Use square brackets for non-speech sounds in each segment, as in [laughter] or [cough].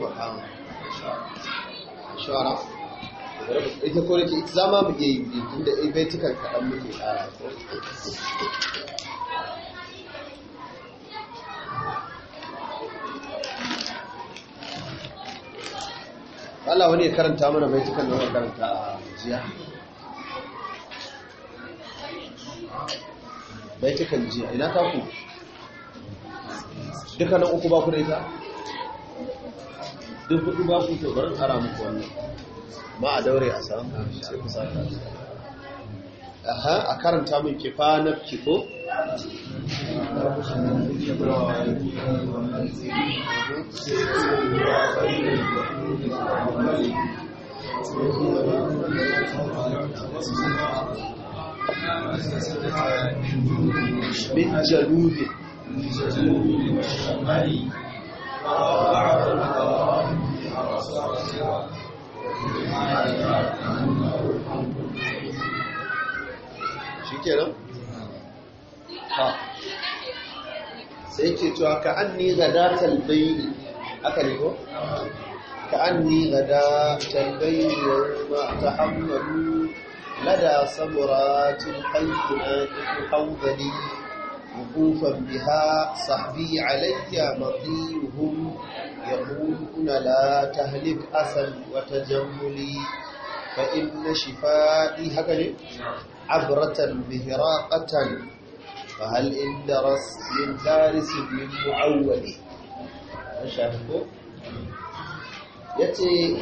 ba shara ita ko nake zama mu iya yi tunda ai baitukan kaɗan muke ƙara Allah wani ya karanta mana baitukan nawa karanta a jiya baitukan jiya ina ta ku dukkanin uku ba ku da ita duk hudu ba ku to bari tsara muku wannan ba a daure a samu sai ku saka aha a karanta min kifa na kifo من جنوب yake cewa ka anni ghadatal bayni aka ne ko ka anni ghadatal bayni wa tahammalu lada hun haythina kuna وقوفا بها صحبي علي مطيهم يقولون لا تهلك أسل وتجملي فإن شفائي هكذا عبرة مهراقة فهل إن درس من دارس من معول شافكو يتي [clears throat]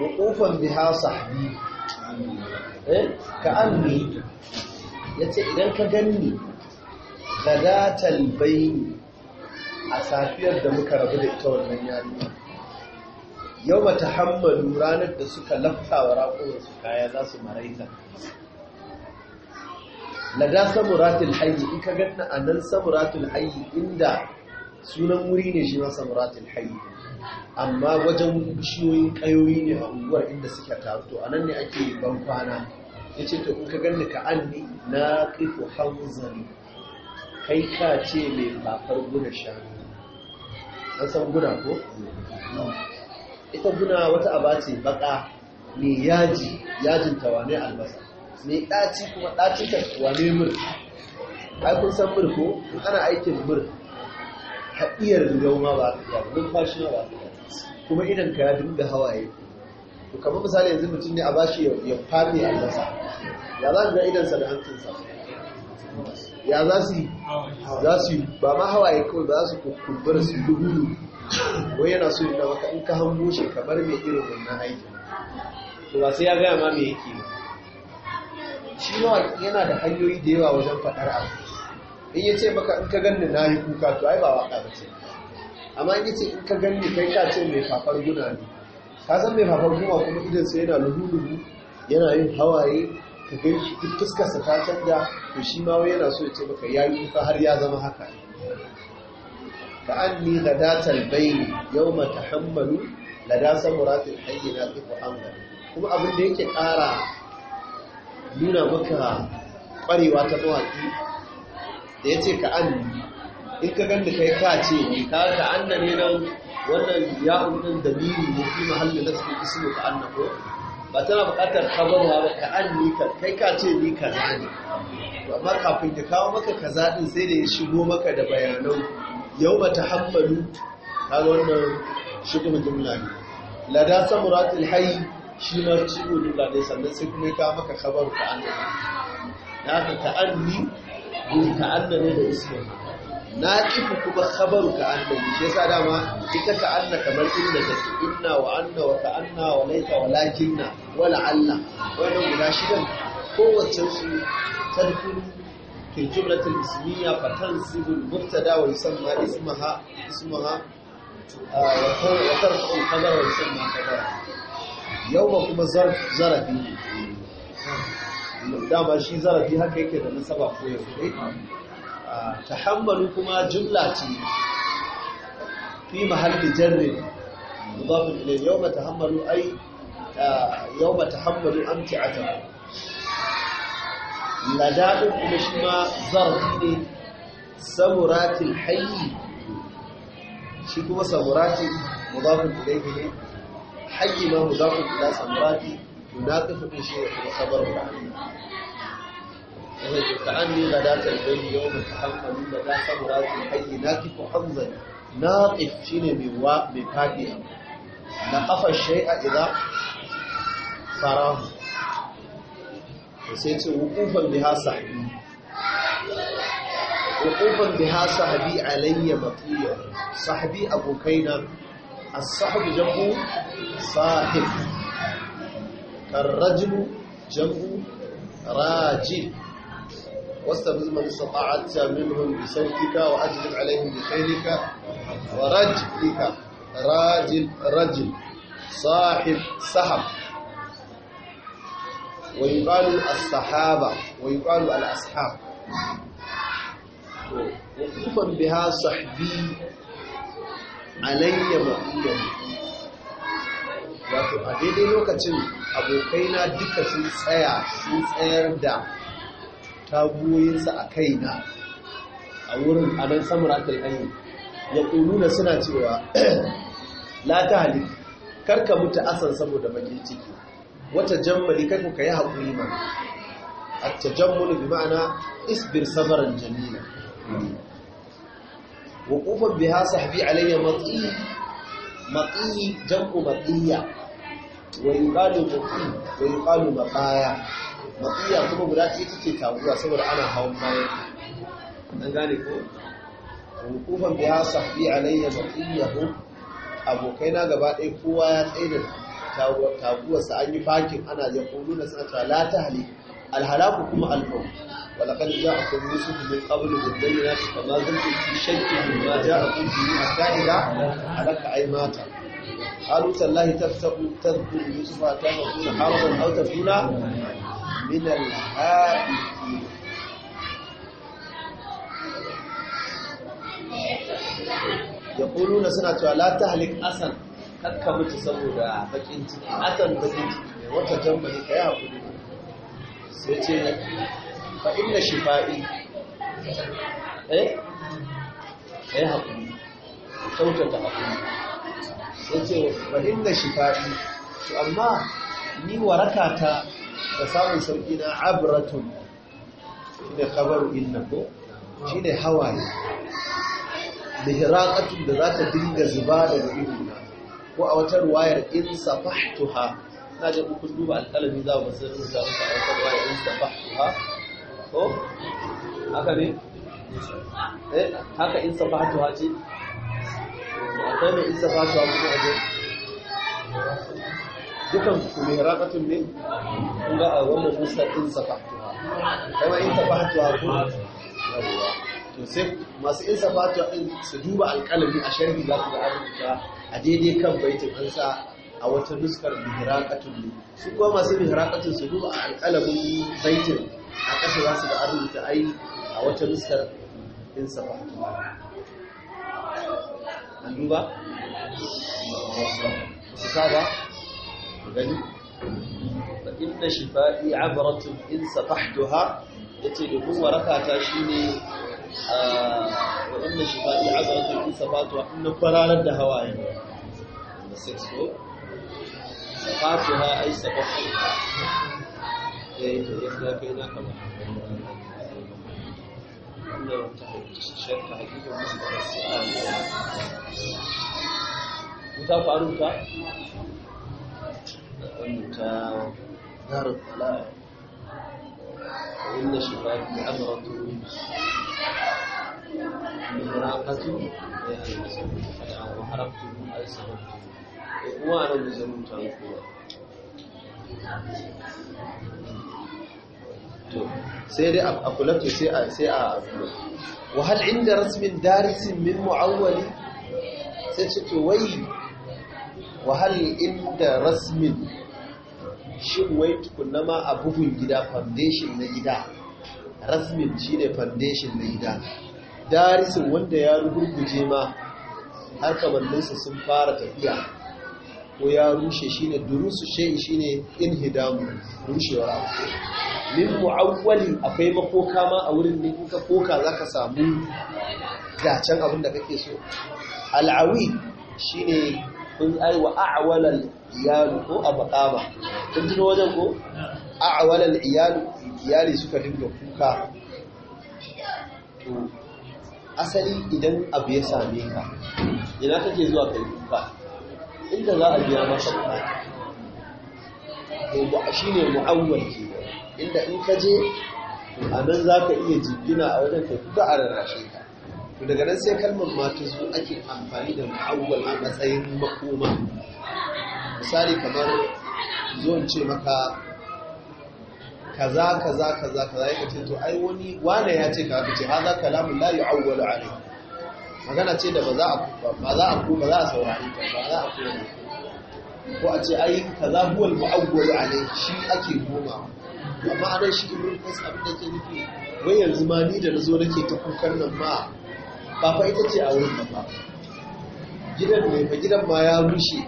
وقوفا بها صحبي كأني يتي إذا كجني غداة البين a safiyar da muka rabu da ita wannan yarinya yau mata hammalu ranar da suka lafta wa raƙuwar kaya za su maraita lada samuratul hayyi in ka ganna a nan samuratul hayyi inda sunan wuri ne shi ma samuratul hayyi amma wajen bishiyoyin kayoyi ne a unguwar inda suka taru to anan ne ake ban kwana ya ce to in ka ganni ka ni, na kifu hamzan kai ka ce mai fafar guna shanu an san guna ko ita guna wata abace baka mai yaji yajin tawane albasa mai ɗaci kuma ɗaci ta wane mur ai kun san mur ko in ana aikin mur haɗiyar rigau ma ba ka iya ba fashi ma ba ka iya kuma idan ka ya dinga hawaye to kamar misali yanzu mutum ne a bashi ya fami a masa ya za ga idansa da hankinsa ya za su yi za su yi ba ma hawaye kawai ba za su kubbura su dubu wai yana so na maka in ka hango shi kamar mai irin wannan aiki to ba sai ya gaya ma me yake ba shi yana da hanyoyi da yawa wajen faɗar abu in ya ce maka in ka ganni na yi kuka to ai ba waƙa ba ce amma in ya ce in ka ganni kai ka ce mai fafar guna ne ka san mai fafar guna kuma idan sai yana luhu yana yin hawaye ka gan shi duk fuskarsa ta canja to shi ma yana so ya ce maka ya yi kuka har ya zama haka ka an ni ga datar bayani yau mata hammalu da dasa muratin hayyana kuma abin da yake ƙara nuna maka kwarewa ta mawaƙi. da ya ce ka in ka ganda kai ka ce ka ka an na ne nan wannan ya unan da ne fi mahallin da suke ismu ka an na ko ba tana buƙatar kabarwa ba ka an ni kai ka ce ni ka za ne amma kafin kawo maka kaza ɗin sai da ya shigo maka da bayanan yau ba ta hammalu ta wannan shigo jumla ne lada samuratul hayi shi ma ciwo ba ne sannan sai kuma ka maka kabar ka an da na ka ta'anni gudu ta'anna ne da ismin na kifu kuma kabar ka an da shi yasa dama ita ta'anna kamar inda ta ke inna wa anna wa ta'anna wa laita wa lakinna wa la'alla wannan guda shidan kowace su tarfin في الجملة الاسمية فتنصب المبتدا ويسمى اسمها اسمها وترفع الخبر ويسمى خبرها yawma kuma zarafi ne dama shi zarafi haka yake da nasaba ko ya fi tahammalu kuma jumla ce fi mahalli jarri mudafin ilai yawma tahammalu ai yawma tahammalu amti'atan ladadin kuma shi ma zarafi ne samuratin hayyi shi kuma samuratin mudafin ilai ne حي ما مضاف إلى سمراتي يناقف في شيء خبر التعني تعني غداة البين يوم تحمل لدى سمراتي حي ناكف حمزا ناقف شين من واق من فاكهة نقف الشيء إذا فراه وسيت وقوفا بها صحبي وقوفا بها صحبي علي مطيع صحبي أبو كينا الصحب جمع صاحب الرجل جمع راجل واستفز من استطعت منهم بصوتك وأجلب عليهم بخيلك ورجلك راجل رجل صاحب صحب ويقال الصحابة ويقال الأصحاب وخصوصا بها صحبي alayya wato a daidai lokacin abokaina duka sun tsaya sun tsayar da taguwoyinsa a kaina a wurin anan samuratul hanyar ya ƙununa suna cewa [clears throat] la ta karka mutu asan saboda bakin ciki wata jammali kai kuka yi haƙuri ma a ta jammuli bi ma'ana isbir sabaran jamila وقوفا بها صحبي علي مطي مطي جمع مطية ويقال مطي ويقال مقايا saboda ana hawan bayan an gane ko wukufan biya sahbi alayya maqiyahu abokai na gaba ɗaya kowa ya tsaye taguwar sa an ana ya kuluna suna alhalaku kuma almaut ولقد جاءكم يوسف من قبل بالبينات فما زلتم في شك مما جاءكم به حتى إذا هلك أي مات قالوا تالله تفتح تذكر يوسف حتى تكون حرضا أو تكون من الهائكين يقولون سنة لا تهلك أسن kakka mutu saboda bakin ciki asan bakin ciki wata jan bane ka yi hakuri sai ce fa inna shifa'i sai eh? ce to amma ni waraka ta da samun sauki na abratun shine khabaru inna ko ne hawaye da da za ta dinga zuba da daga idona ko a wata ruwayar in safahtuha na da kun duba alƙalami za mu san rubuta muku a wata ruwayar in safahtuha ko oh, haka ne eh haka in safatuwa ce akwai mai in safatuwa kuma a je dukan su mai raƙatun ne Kuma a wannan musa in safatuwa kuma in safatuwa ko yawwa masu in safatuwa din su duba alƙalami a sharhi za ku ga rubuta a daidai kan baitin an sa a wata nuskar mihraƙatun ne su kuma masu mihraƙatun su duba a alƙalamin baitin a ƙasa za su da an rubuta ai a wata nuskar din safa an duba su sa ba gani fa inna shifa'i abratun in safahtuha yace da kun waraka ta shine wa inna shifa'i abratun in safahtuha inna fararar da hawaye da 6 ko safahtuha ai safahtuha إلا كذا كما لو شرط حقيقي بالنسبة للسؤال وتفعلوا تا وأنت دار الطلاق وإن شفاك عبرة مهراقة وحرقته أيسر وأنا بزمن تعرفون sai dai a kulatu sai a sai a wa hal inda rasmin darisin min muawwali sai ce to wai wa hal inda rasmin shi wai tukunna ma a bugun gida foundation na gida rasmin shi ne foundation na gida darisin wanda ya rubuje ma har kamanninsa sun fara tafiya ko ya rushe shine durusu shay'in shine inhidamu rushewa min mu'awwali akwai makoka ma a wurin ne kuka koka zaka samu gacen abin da kake so al'awi shine kun ai wa a'walal iyalu ko abqama kun tuno wajen ko a'walal iyalu iyali suka dinga kuka to asali idan abu ya same ka ina kake zuwa kai kuka inda za a biya masa bukata shi ne mu'awwal ke inda in ka je a nan za ka iya jingina a wajen ka kuka a rarrashe ka to daga nan sai kalmar mata su ake amfani da mu'awwal a matsayin makoma misali kamar zo ce maka kaza kaza kaza kaza ya ce to ai wani wane ya ce ka ce haza kalamun la yu'awwalu alayhi magana ce da ba za a ba za a ko ba za a saurari ta ba za a ko ko a ce ai kaza huwa al a alai shi ake goma amma anan shi ibn qas abin da ke nufi wai yanzu ma ni da nazo nake ta kukan nan ma ba fa ita ce a wurin ba gidan ne ba gidan ma ya rushe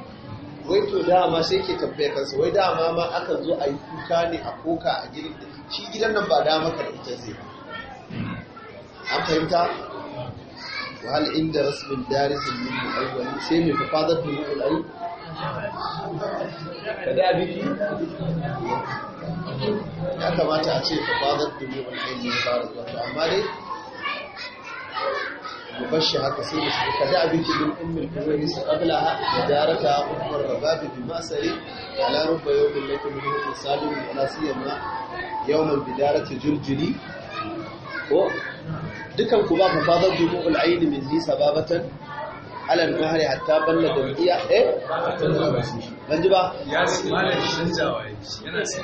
wai to dama sai ke tafiya kansa wai dama ma akan zo a yi kuka ne a koka a gidan shi gidan nan ba dama maka da ita zai an fahimta وهل عند رسم دارس من الأول سيم فقادة من أول أي كذابك يا كما تأتي فقادة من أول أي من فارض الله أمالي يبشي هكا سيم كذابك من أم الكويس قبلها ودارك أم الرباب في سري على رب يوم لك من أول سالم ولا سيما يوم بدارة جرجري dukan ku ba ku fadar dubu al'ayin min nisa babatan alal mahari hatta balla da iya eh ban ji ba ya yana daga sai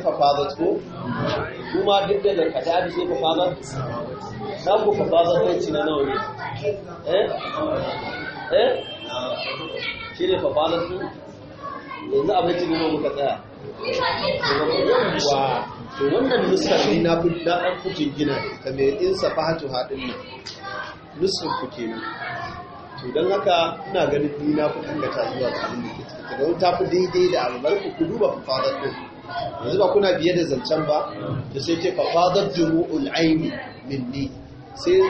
fa ko kuma duk daga sai fa ku fa ci na nawa eh eh shi ne fa yanzu abinci ne muka tsaya wa to wannan nuskar ne na fi da an fi jingina ta mai in safahatu haɗin nan nuskar ku kenan to don haka ina ganin ni na fi dangata zuwa ta hannun da ke cikin ta don daidai da albarku ku duba fafadar ɗin. yanzu ba kuna biye da zancen ba da sai ce fafadar jumu'ul aini minni sai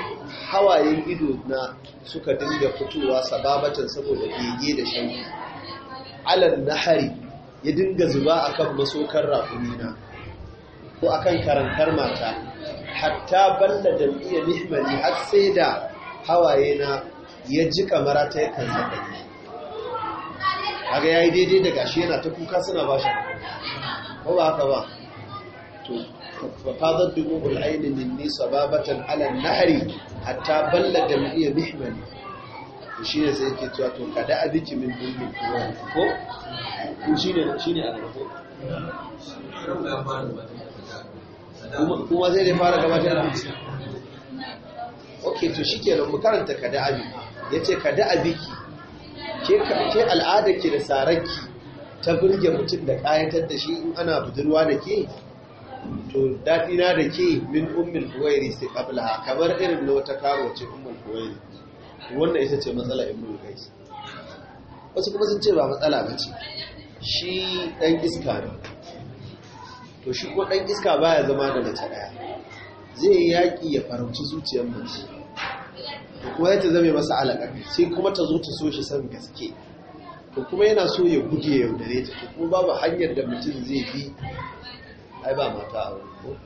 hawayen ido na suka dinga fitowa sababatan saboda bege da shanku alal nahari ya dinga zuba a kan masokar raƙumina ko a kan karantar mata hatta balla da iya nihmani har sai da hawaye na ya ji kamar ta yakan zakani kaga yi daidai da gashi yana ta kuka suna ba shi ko ba haka ba to fafadar dubu bul'aini nisa babatan na nahari hatta balla da iya nihmani to shi ne sai ke cewa to kada a biki min dindin ko ko shi ne shi ne a gaba ko kuma zai dai fara gaba da ok to shi ke mu karanta kada abi ya ce kada abi biki ke al'ada ki da sararki ta burge mutum da ƙayatar da shi in ana budurwa da ke to daɗina da ke min ummin huwairi sai ƙabla kamar irin na wata karo ce ummin huwairi wannan ita ce matsala ibnu kai. wasu kuma sun ce ba matsala ba ce shi ɗan iska ne to shi ko ɗan iska baya zama da mace ɗaya zai yi yaƙi ya farauci zuciyar mace to kuma yadda zame masa alaƙa sai kuma ta zo ta so shi san gaske to kuma yana so ya guje yaudare ta to kuma babu hanyar da mutum zai bi ai ba mata a wani ko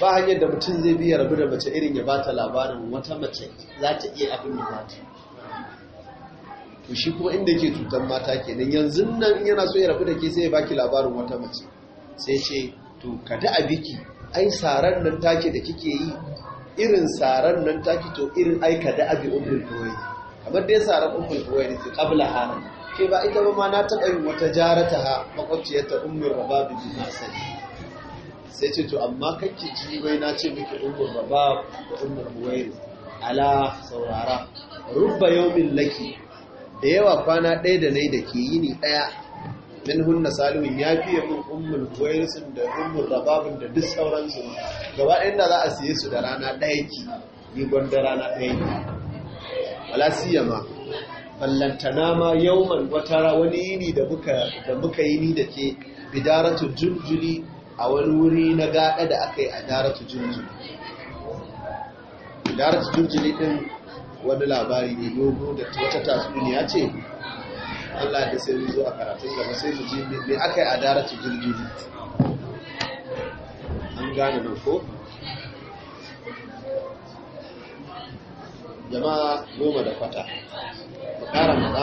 ba hanyar da mutum zai biya rabu da mace irin ya bata labarin wata mace za ta iya abin da mata ta to shi kuma inda ke cutar mata kenan yanzu nan yana so ya rabu da ke sai ya baki labarin wata mace sai ce to kada a biki ai saran nan take da kike yi irin saran nan take to irin ai kada abi ummul ruwai kamar dai saran ummul ruwai ne qabla hana ke ba ita ba ma na taɓa yin wata jarata ha makwabciyarta ummul rababi bin asali sai ce to amma kake ji wai na ce miki ummul rabab da umur huwair ala saurara rubba yawmin laki da yawa kwana ɗaya da nai da ke yi ni ɗaya min hunna salimin ya fiye min ummul sun da ummul rababun da duk sauransu gaba inda da za a siye su da rana ɗaya ki ni gwanda rana ɗaya ki wala siyama ballantana ma yauman wata wani yini da muka da muka yini da ke bidaratu junjuni a wani wuri na gaɗa da aka yi a daratu jirgin daratu jirgin ɗin wani labari ne dogo da wata ya ce Allah da sai zo a karatun gaba sai su ji me aka yi a daratu jirgin an gane nan ko jama'a goma da kwata